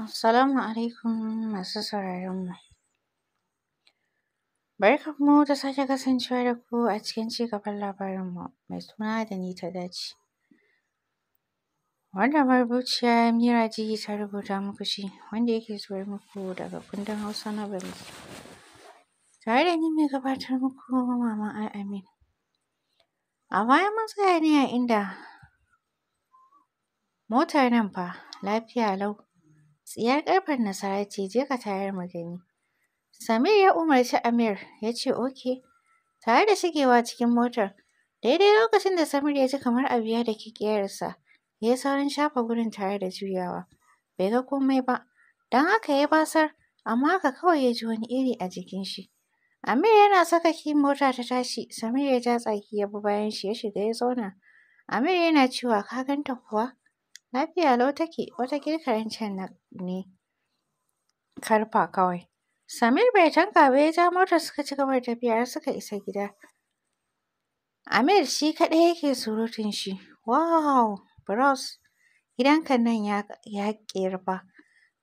Assalamu alaikum masu sauraron mu. Barkan mu da sake kasancewa da ku a cikin cigaban labarin mu mai suna da ni ta dace. Wannan marubuciya Mira ji ta rubuta muku shi wanda yake zuwar muku daga kundin Hausa na bari. Tare da ni mai gabatar muku Mama Al-Amin. A baya mun tsaya ne a inda motar nan fa lafiya lau Tsiyar ƙarfen Nasara ce, je ka tayar mu gani. Samir ya umarci Amir, ya ce oke. Tare da shigewa cikin motar, daidai lokacin da Samir ya ji kamar abu ya da kikiyarsa ya yi saurin shafa gurin tare da juyawa. Bai ga komai ba, don haka ya basar, amma haka kawai ya ji wani iri a jikin shi. Amir yana saka ki mota ta tashi, Samir ya ja tsaki ya bi bayan shi ya shiga ya zauna. Amir yana cewa ka ganta kuwa? Lafiya lau take, wata kirkirenta ne karfa kawai. Samir bai tanka ba ya ja motar suka ci gaba da tafiya har suka isa gida. Amir shi kaɗai yake surutun shi. Wow! Bros, gidanka nan ya ƙirfa.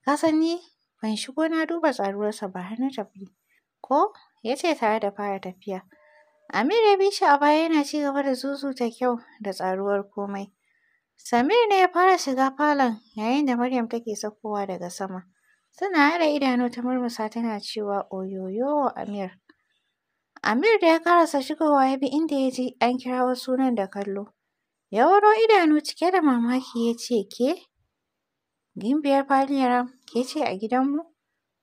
Ka san ni ban shigo na duba tsaruwarsa ba har na tafi. Ko? ya ce tare da fara tafiya. Amir ya bi shi a baya yana ci gaba da zuzuta kyau da tsaruwar komai. Samir ne ya fara shiga falon yayin da Maryam take saukowa daga sama. Suna haɗa idanu ta murmusa tana cewa oyoyo Amir. Amir da ya karasa shigowa ya bi inda ya ji an kira kirawo sunan da kallo. Ya wuro idanu cike da mamaki ya ce ke? Gimbiyar Faliyaram ke ce a gidanmu?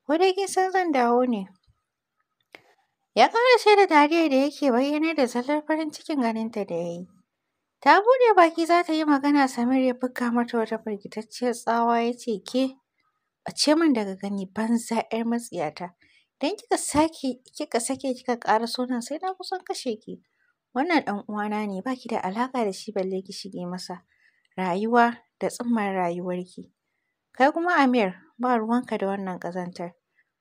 Ko dai kin san zan dawo ne? Ya karashe da dariya da yake bayyana da zallar farin cikin ganinta da ya yi. Ta buɗe baki za ta yi magana Samir ya buga mata wata firgitacciyar tsawa ya ce ke ce min daga gani banza 'yar matsiyata. Idan kika sake kika sake kika ƙara sunan sai na kusan kashe ki. Wannan ɗan uwana ne ba ki da alaƙa da shi balle ki shige masa. Rayuwa da tsumman rayuwarki. Kai kuma Amir ba ruwanka da wannan ƙazantar.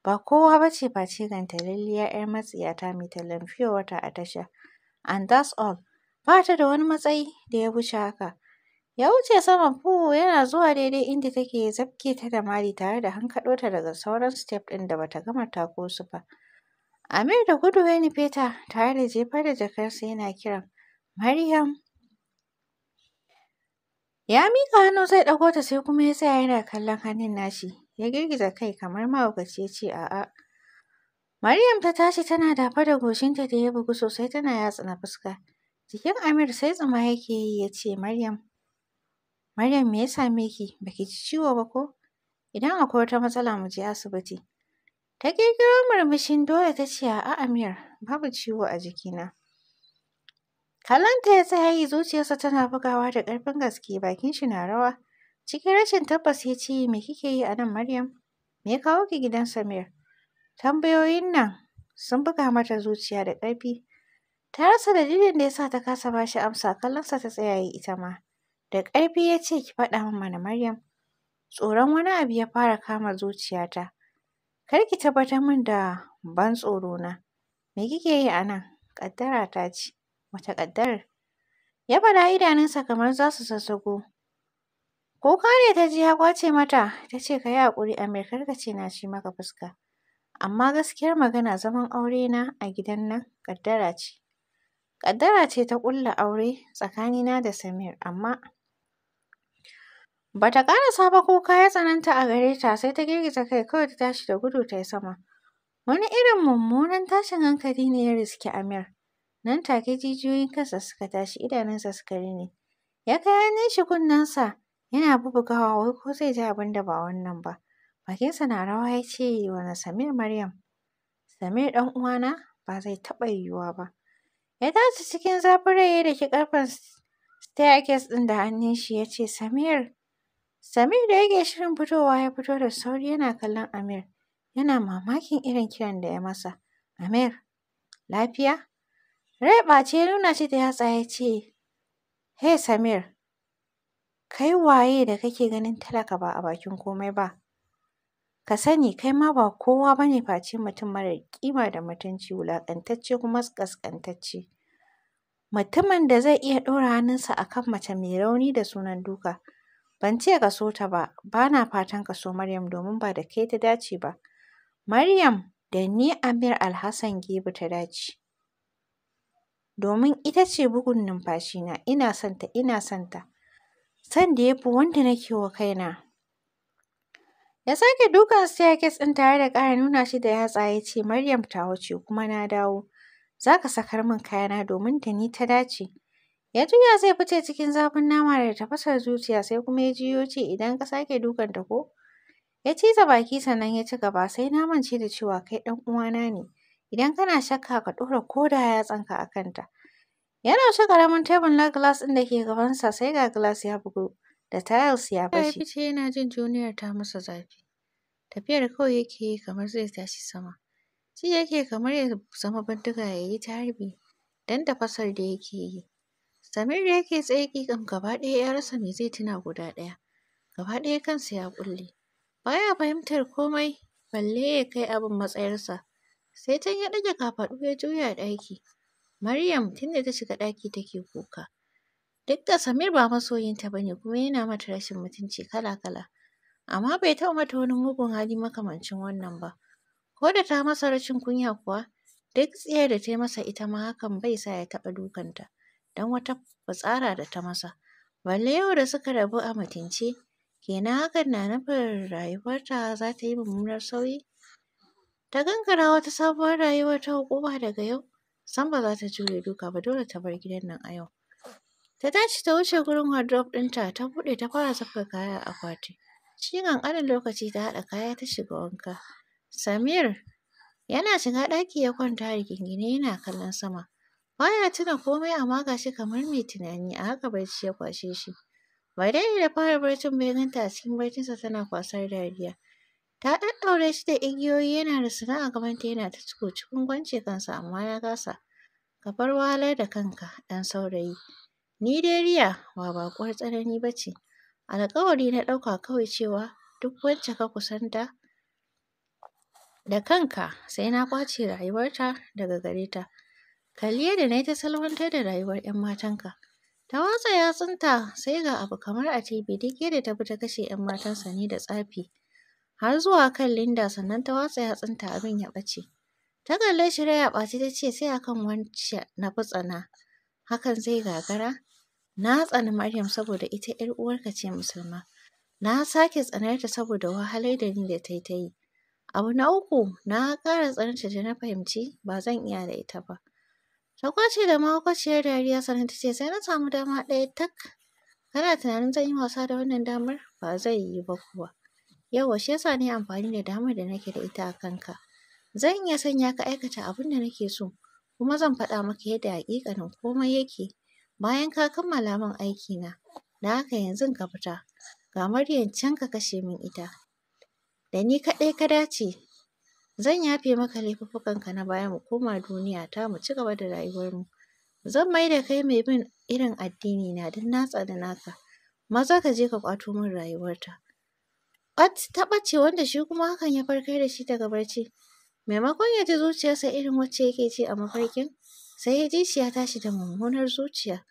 Ba kowa ba ce face gantalalliya 'yar matsiyata mai tallan wata a tasha. And that's all. ba ta da wani matsayi da ya wuce haka. Ya wuce saman fu yana zuwa daidai inda take zabke ta da mari tare da hankaɗo daga sauran step ɗin da bata gama tako su ba. Amir da gudu ya nufe ta tare da jefar da jakarsa yana kiran Maryam. Ya mika hannu zai ɗago ta sai kuma ya tsaya yana kallon hannun nashi. Ya girgiza kai kamar mahaukaci ya ce a'a. Maryam ta tashi tana dafa da goshinta da ya bugu sosai tana yatsa na fuska. Jikin Amir sai tsuma yake yi ya ce, Maryam, Maryam me ya same ki? Ba ki ji ciwo ba ko? Idan akwai wata matsala mu je asibiti. Ta ƙirƙiro murmushin dole ta ce, a'a Amir, babu ciwo a jikina. Kalanta ya tsaya yi zuciyarsa tana bugawa da ƙarfin gaske bakin shi na rawa. Cikin rashin tabbas ya ce, me kike yi a nan Maryam? Me ya kawo ki gidan Samir? Tambayoyin nan sun buga mata zuciya da ƙarfi. Ta rasa dalilin da ya sa ta kasa bashi amsa kallon sa ta tsayaye ita ma. Da ƙarfi ya ce ki faɗa min mana Maryam. Tsoron wani abu ya fara kama zuciyata. Kar ki tabbatar min da ban tsoro na. Me kike yi anan? nan? Ƙaddara ta ce. Wata ƙaddarar? Ya faɗa idanunsa kamar za su sassaƙo. Kuka ne ta ji ya ƙwace mata. Ta ce ka yi haƙuri Amir kar ka ce na ci maka fuska. Amma gaskiyar magana zaman aure na a gidan nan ƙaddara ce. Ƙaddara ce ta ƙulla aure tsakani na da Samir amma Bata ƙara saba ba kuka ya tsananta a gare ta sai ta girgiza kai kawai ta tashi da gudu ta yi sama. Wani irin mummunan tashin hankali ne ya riske Amir. Nan take jijiyoyin kansa suka tashi idanunsa suka rine. Ya kai hannun shi kunnensa yana bubugawa wai ko zai ji abinda ba wannan ba. Bakinsa na rawa ya ce wa Samir Maryam, Samir ɗan uwana ba zai taɓa yiwuwa ba. Ya tashi cikin zafin rai ya daki ƙarfen staircase ɗin da hannun shi ya ce, Samir. Samir da yake shirin fitowa ya fito da sauri yana kallon Amir. Yana mamakin irin kiran da ya masa. Amir, lafiya? Rai ɓace ya nuna shi da yatsa ya ce, He Samir, kai waye da kake ganin talaka ba a bakin komai ba? Ka sani kai ma ba kowa ba ne face mutum marar kima da mutunci, wulakantacce, kuma ƙasƙantacce. mutumin da zai iya ɗora hannunsa a kan mace mai rauni da sunan duka. Ban ce ka so ta ba, ba na fatan ka so Maryam domin ba da kai ta dace ba. Maryam da ni Amir Alhassan Gebu ta dace. Domin ita ce bugun na, ina son ta, ina son ta. Son da ya fi wanda nake wa kaina. Ya sake dukan staircase ɗin tare da ƙara nuna shi da yatsa ya ce, Maryam ta wuce kuma na dawo. za ka sakar min kayana domin da ni ta dace. Ya juya zai fice cikin zafin nama da tafasar zuciya sai kuma ya jiyo ce idan ka sake dukanta ko? Ya ciza baki sannan ya ci gaba sai na mance da cewa kai ɗan uwana ne. Idan kana shakka ka ɗora ko da yatsanka a kanta. Yana ɗauki ƙaramin tebur na glass ɗin da ke gabansa sai ga glass ya bugu da tiles ya fashe. Ya fice yana jin duniyar ta masa zafi. Tafiyar kawai yake yi kamar zai tashi sama. shi yake kamar ya zama bindiga ya yi ta harbi don tafasar da yake yi. Samir da yake tsaki kan gaba ɗaya ya rasa me zai tuna guda ɗaya. Gaba ɗaya kansa ya ƙulle. Baya fahimtar komai balle ya kai abin matsayarsa. Sai can ya ɗage kafaɗu ya juya ɗaki. Maryam da ta shiga ɗaki take kuka. Duk da Samir ba masoyinta ba ne kuma yana mata rashin mutunci kala-kala. Amma bai taɓa mata wani mugun hali makamancin wannan ba. Ko da ta masa rashin kunya kuwa, duk tsiyar da ta yi masa ita ma hakan bai sa ya taɓa dukanta, don wata fitsara da ta masa. Balle yau da suka rabu a mutunce, kenan hakan na nufin rayuwarta za ta yi mummunar sauyi? Ta gangara wata sabuwar rayuwar ta hukuma daga yau, sam ba za ta jure duka ba dole ta bar gidan nan a yau. Ta tashi ta wuce gurin wardrobe ɗinta ta buɗe ta fara saka kaya a akwati. Cikin ƙanƙanin lokaci ta haɗa kaya ta shiga wanka. Samir yana shiga ɗaki ya kwanta rigingine yana kallon sama. Baya tuna komai amma ga shi kamar mai tunani a haka barci ya kwashe shi. Bai ne da fara barcin bai ganta a cikin barcinsa tana kwasar dariya. Ta ɗaɗɗaure shi da igiyoyi yana da rusuna a gabanta yana ta cikin kwance kansa amma ya kasa. Ka bar wahalar da kanka ɗan saurayi. Ni dai Riya ba baƙuwar tsanani ba ce. Alƙawari na ɗauka kawai cewa duk wacce ka kusanta da kanka sai na ƙwace rayuwarta daga gare ta. Kalli yadda na yi ta salwantar da rayuwar 'yan matanka. Ta watsa yatsunta sai ga abu kamar a TV duk yadda ta bi ta kashe 'yan matansa ne da tsafi. Har zuwa kan Linda sannan ta watsa yatsunta abin ya ɓace. Ta kalle shi rai a ɓace ta ce sai akan wance na fi tsana. Hakan zai gagara? Na tsani Maryam saboda ita 'yar uwarka ce musulma. Na sake tsanarta saboda wahalar da ni da tai ta yi. Abu na uku, na ƙara tsananta da na fahimci ba zan iya da ita ba. Ta kwace da makwaciyar dariya sannan ta ce sai na samu dama ɗaya tak. Kana tunanin zan yi wasa da wannan damar? Ba zai yi ba kuwa. Yawwa shi yasa na yi amfani da damar da nake da ita a kanka. Zan iya sanya ka aikata abin da nake so, kuma zan faɗa maka yadda haƙiƙanin komai yake. Bayan ka kammala min aikina, da haka yanzu ka fita. Ga Maryam can ka kashe min ita, da ni kaɗai ka dace. Zan yafe maka ka na baya mu koma duniya ta mu ci gaba da rayuwarmu. Zan mai da kai mai bin irin addini na don na tsani naka. Maza ka je ka ƙwato min rayuwarta. Ɓat ta ɓace wanda shi kuma hakan ya farkar da shi daga barci. Maimakon ya ji zuciyarsa irin wacce yake ji a mafarkin, sai ya ji shi ya tashi da mummunar zuciya.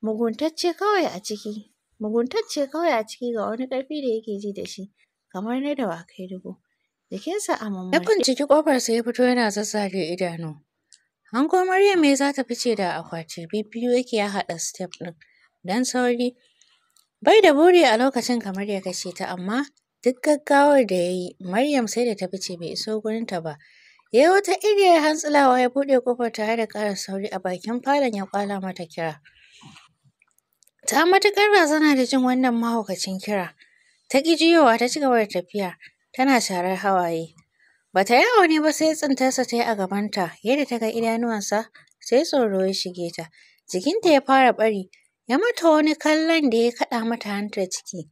Muguntacce kawai a ciki, muguntacce kawai a ciki ga wani ƙarfi da yake ji da shi. kamar na dawakai dubu. Jikinsa a mamaki. Ya binciki sa ya fito yana zazzare idanu. Hango Maryam me za ta fice da akwati biyu yake ya haɗa step ɗin dan sauri. Bai da buri a lokacin kamar ya kashe ta amma duk gaggawar da ya yi Maryam sai da ta fice bai iso gurinta ba. Ya yi wata iriyar hantsilawa ya buɗe kofar tare da ƙara sauri a bakin falon ya ƙwala mata kira. Ta matuƙar razana da jin wannan mahaukacin kira. Ta ƙi jiyowa ta ci gaba da tafiya, tana sharar hawaye. Ba ta yi ne ba sai tsintarsa ta yi a gabanta, yadda ta ga idanuwansa sai tsoro ya shige ta. Jikinta ya fara ɓari, ya mata wani kallon da ya kaɗa mata hantar ciki.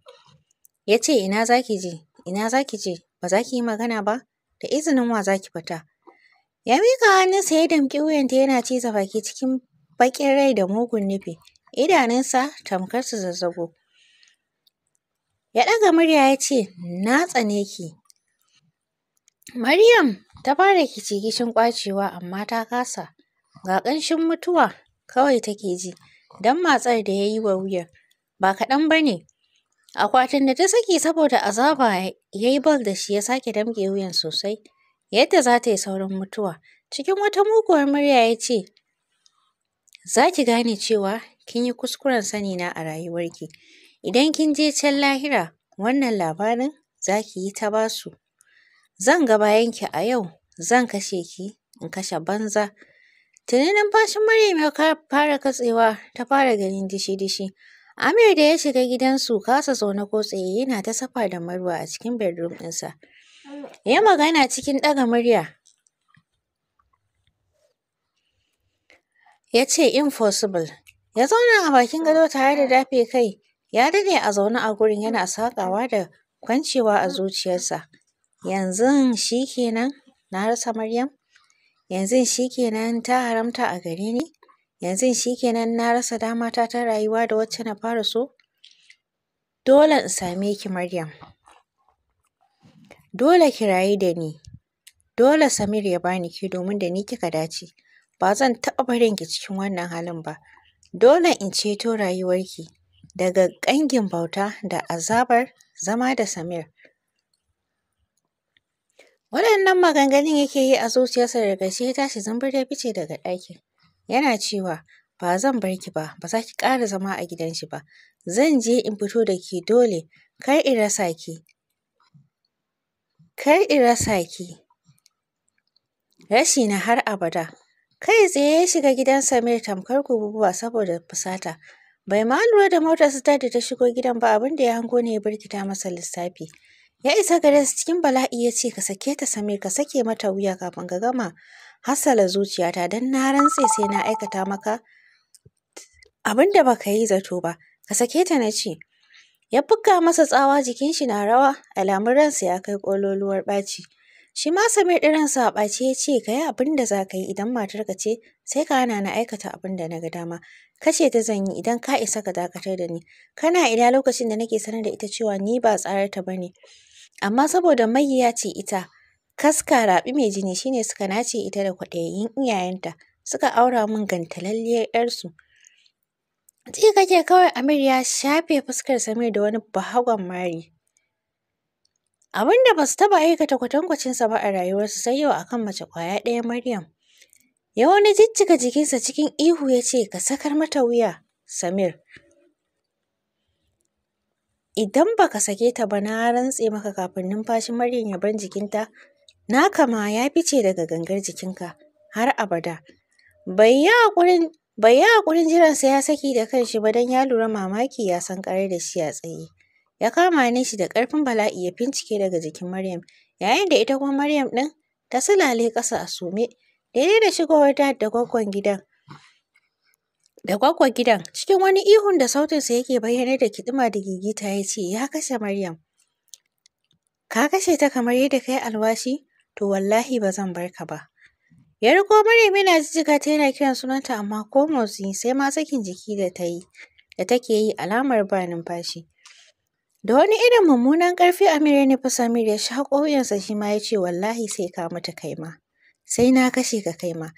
Ya ce, ina za ki je, ina za ki je, ba za ki yi magana ba, da izinin wa za ki fita. Ya miƙa hannunsa ya damƙi wuyanta yana ciza baki cikin baƙin rai da mugun nufi. idanunsa tamkar su zazzago. Ya ɗaga murya ya ce, Na tsane ki. Maryam ta fara kicikicin ƙwacewa amma ta kasa. Ga ƙanshin mutuwa kawai take ji, don matsar da ya yi wa wuyar. Ba kaɗan ba ne. Akwatin da ta saki saboda azaba ya yi bal da shi ya sake damƙe wuyan sosai. Yadda za ta yi saurin mutuwa. Cikin wata muguwar murya ya ce, Za ki gane cewa kin yi kuskuren sanina a rayuwarki. Idan kin je can lahira wannan labarin za ki yi ta basu. Zan ga bayanki a yau, zan kashe ki in kashe banza. Tuni numfashin Maryam ya fara katsewa ta fara ganin dishi-dishi. Amir da ya shiga gidansu kasa zaune ko tsaye yana ta safa da Marwa a cikin bedroom ɗinsa. Ya magana cikin ɗaga murya. Ya ce impossible. Ya zauna a bakin gado tare da dafe kai. Ya daɗe a zaune a gurin yana mm. saƙawa da kwancewa a mm. zuciyarsa. Yanzu shi kenan na rasa Maryam? Yanzu shi kenan ta haramta a gare ni? Yanzu shi kenan na rasa damata ta rayuwa da wacce na fara so? Dole in same ki Maryam. Dole ki rayu da ni. Dole Samir ya bani ki domin da ni kika dace. Ba zan taɓa barin ki cikin wannan halin ba. Dole in ceto rayuwarki. daga ƙangin bauta da azabar zama da Samir. Waɗannan maganganun yake yi a zuciyarsa da gaske ya tashi zambar ya fice daga ɗakin. Yana cewa, ba zan bar ki ba, ba za ki ƙara zama a gidan shi ba. Zan je in fito da ke. dole, kar in rasa ki. Kar in rasa ki. Rashi na har abada. Kai tsaye ya shiga gidan Samir tamkar guguwa saboda fusata. Bai ma lura da motar su da ta shigo gidan ba abinda ya hango ne ya birkita masa lissafi. Ya isa gare su cikin bala'i ya ce ka sake ta Samir ka sake mata wuya kafin ka gama hasala zuciyata don na rantse sai na aikata maka abinda da baka yi zato ba ka sake ta na ce. Ya buga masa tsawa jikin shi na rawa alamun ransa ya kai ƙololuwar ɓaci. Shi ma Samir ɗin ransa a ɓace ya ce ka yi abin da za ka yi idan matarka ce sai ka hana na aikata abin da na ga dama. Ka ce ta zan yi idan ka isa ka dakatar da ni. Kana ina lokacin da nake sanar da ita cewa ni ba tsararta ba ne. Amma saboda ya ce ita, kaska raɓi mai jini shi ne suka nace ita da kwaɗayayin iyayenta suka aura min gantalalliyar 'yarsu. Ji kake kawai Amir ya shafe fuskar Samir da wani bahagon mari. Abin da ba su taɓa aikata kwatankwacinsa ba a rayuwarsu sai yau akan mace ƙwaya ɗaya Maryam. Ya wani jijjiga jikinsa cikin ihu ya ce, Ka sakar mata wuya, Samir. Idan ba ka sake ta ba na rantse maka kafin numfashin Maryam ya ban jikinta, na kama ya fice daga gangar jikinka har abada. Bai yi haƙurin jiransa ya saki da kanshi ba don ya lura mamaki ya san ƙarar da shi a tsaye. Ya kama ni shi da ƙarfin bala'i ya fincike daga jikin Maryam, yayin da ita kuma Maryam ɗin ta sulale ƙasa a sume. Daidai da shigowar da gwaggon gidan. Da gwaggon gidan, cikin wani ihun da sautinsa yake bayyanar da kiɗima da gigita ya ce, ya kashe Maryam. Ka kashe ta kamar yadda ka alwashi? To wallahi ba zan bar ka ba. Ya riko Maryam yana jijjiga ta yana kiran sunanta amma ko motsi sai ma sakin jiki da ta yi, da take yi alamar ba numfashi. Da wani irin mummunan ƙarfi Amir ya nufi Samir ya sha wuyansa shi ma ya ce wallahi sai ka mutu kai Sai na kashe ka kai ma.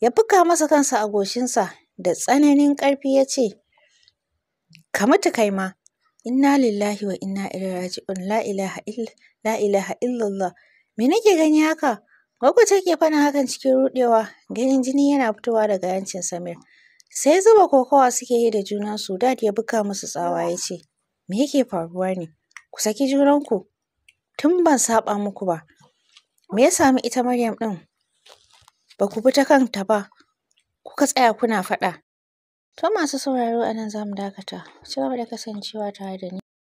Ya buga masa kansa a goshinsa da tsananin ƙarfi ya ce, Ka mutu kai ma. Inna lillahi wa inna ilaihi raji'un la ilaha illa la ilaha illallah. Me nake gani haka? Gwaggo take fana hakan cikin ruɗewa, ganin jini yana fitowa daga yancin Samir. Sai zuba kokawa suke yi da juna su, Dad ya buga musu tsawa ya ce, me yake faruwa ne ku saki junanku tun ban saɓa muku ba me ya sami ita Maryam ɗin ba ku bi ta kanta ba kuka tsaya kuna faɗa to masu sauraro a nan za mu dakata ku ci da kasancewa tare da ni